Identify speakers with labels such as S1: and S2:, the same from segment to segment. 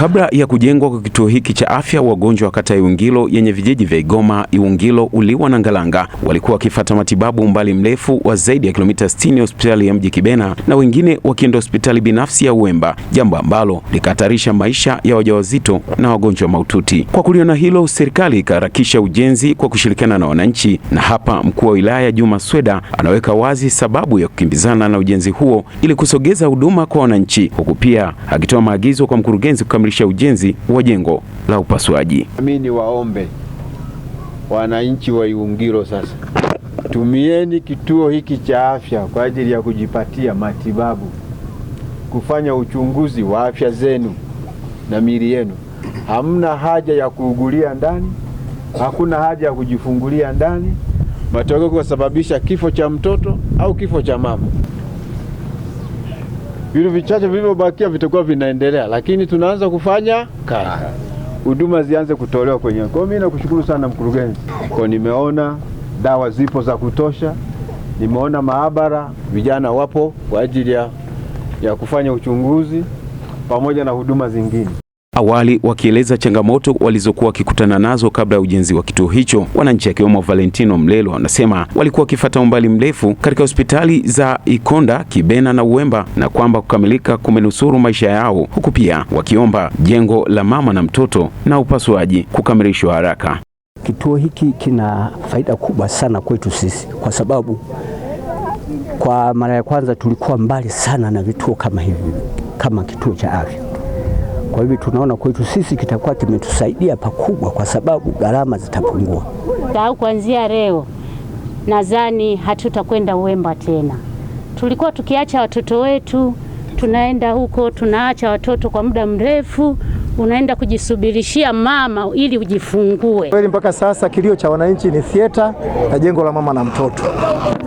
S1: Kabla ya kujengwa kwa kituo hiki cha afya, wagonjwa wa kata ya Iwungilo yenye vijiji vya Igoma, Iwungilo, Uliwa na Ngalanga walikuwa wakifata matibabu umbali mrefu wa zaidi ya kilomita 60 hospitali ya mji Kibena na wengine wakienda hospitali binafsi ya Uwemba, jambo ambalo likahatarisha maisha ya wajawazito na wagonjwa mahututi. Kwa kuliona hilo, serikali ikaharakisha ujenzi kwa kushirikiana na wananchi, na hapa mkuu wa wilaya Juma Sweda anaweka wazi sababu ya kukimbizana na ujenzi huo ili kusogeza huduma kwa wananchi, huku pia akitoa maagizo kwa mkurugenzi kukamilisha kukamilisha ujenzi wa jengo la upasuaji.
S2: Mimi ni waombe wananchi wa Iwungilo sasa, tumieni kituo hiki cha afya kwa ajili ya kujipatia matibabu, kufanya uchunguzi wa afya zenu na miili yenu. Hamna haja ya kuugulia ndani, hakuna haja ya kujifungulia ndani, matokeo kusababisha kifo cha mtoto au kifo cha mama vitu vichache vilivyobakia vitakuwa vinaendelea, lakini tunaanza kufanya kazi, huduma zianze kutolewa kwenye Kwa mimi nakushukuru sana mkurugenzi, kwa nimeona dawa zipo za kutosha, nimeona maabara, vijana wapo kwa ajili ya, ya kufanya uchunguzi pamoja na huduma zingine
S1: awali wakieleza changamoto walizokuwa wakikutana nazo kabla ya ujenzi wa kituo hicho. Wananchi akiwemo Valentino Mlelo anasema walikuwa wakifata umbali mrefu katika hospitali za Ikonda, Kibena na Uwemba na kwamba kukamilika kumenusuru maisha yao, huku pia wakiomba jengo la mama na mtoto na upasuaji kukamilishwa haraka.
S3: Kituo hiki kina faida kubwa sana kwetu sisi kwa sababu kwa mara ya kwanza tulikuwa mbali sana na vituo kama hivi, kama kituo cha afya kwa hivyo tunaona kwetu sisi kitakuwa kimetusaidia pakubwa, kwa sababu gharama zitapungua.
S4: Au kuanzia leo nadhani hatutakwenda Uwemba tena. Tulikuwa tukiacha watoto wetu tunaenda huko, tunaacha watoto kwa muda mrefu, unaenda kujisubirishia mama ili ujifungue.
S5: Kweli mpaka sasa kilio cha wananchi ni thieta na jengo la mama na mtoto,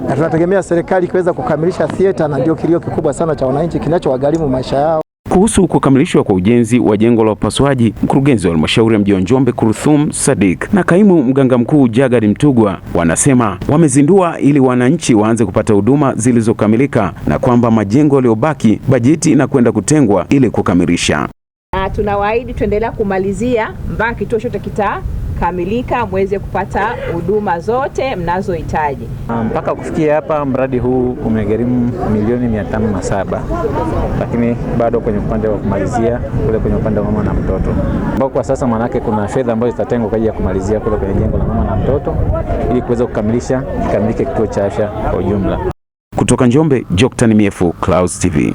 S5: na tunategemea serikali ikiweza kukamilisha thieta, na ndio kilio kikubwa sana cha wananchi kinachowagharimu maisha yao.
S1: Kuhusu kukamilishwa kwa ujenzi wa jengo la upasuaji, mkurugenzi wa halmashauri ya mji wa Njombe Kurthum Sadik na kaimu mganga mkuu Jagad Mtugwa wanasema wamezindua ili wananchi waanze kupata huduma zilizokamilika na kwamba majengo yaliyobaki bajeti inakwenda kutengwa ili kukamilisha.
S6: Tunawaahidi tuendelea kumalizia mpaka kituo chote kita kamilika mweze kupata huduma zote mnazohitaji.
S7: Ah, mpaka kufikia hapa mradi huu umegharimu milioni mia tano na saba, lakini bado kwenye upande wa kumalizia kule kwenye upande wa mama na mtoto ambao kwa sasa manake kuna fedha ambazo zitatengwa kwa ajili ya kumalizia kule kwenye jengo la mama na mtoto ili kuweza kukamilisha kikamilike kituo cha afya kwa ujumla. Kutoka Njombe, Joctan Myefu, Clouds TV.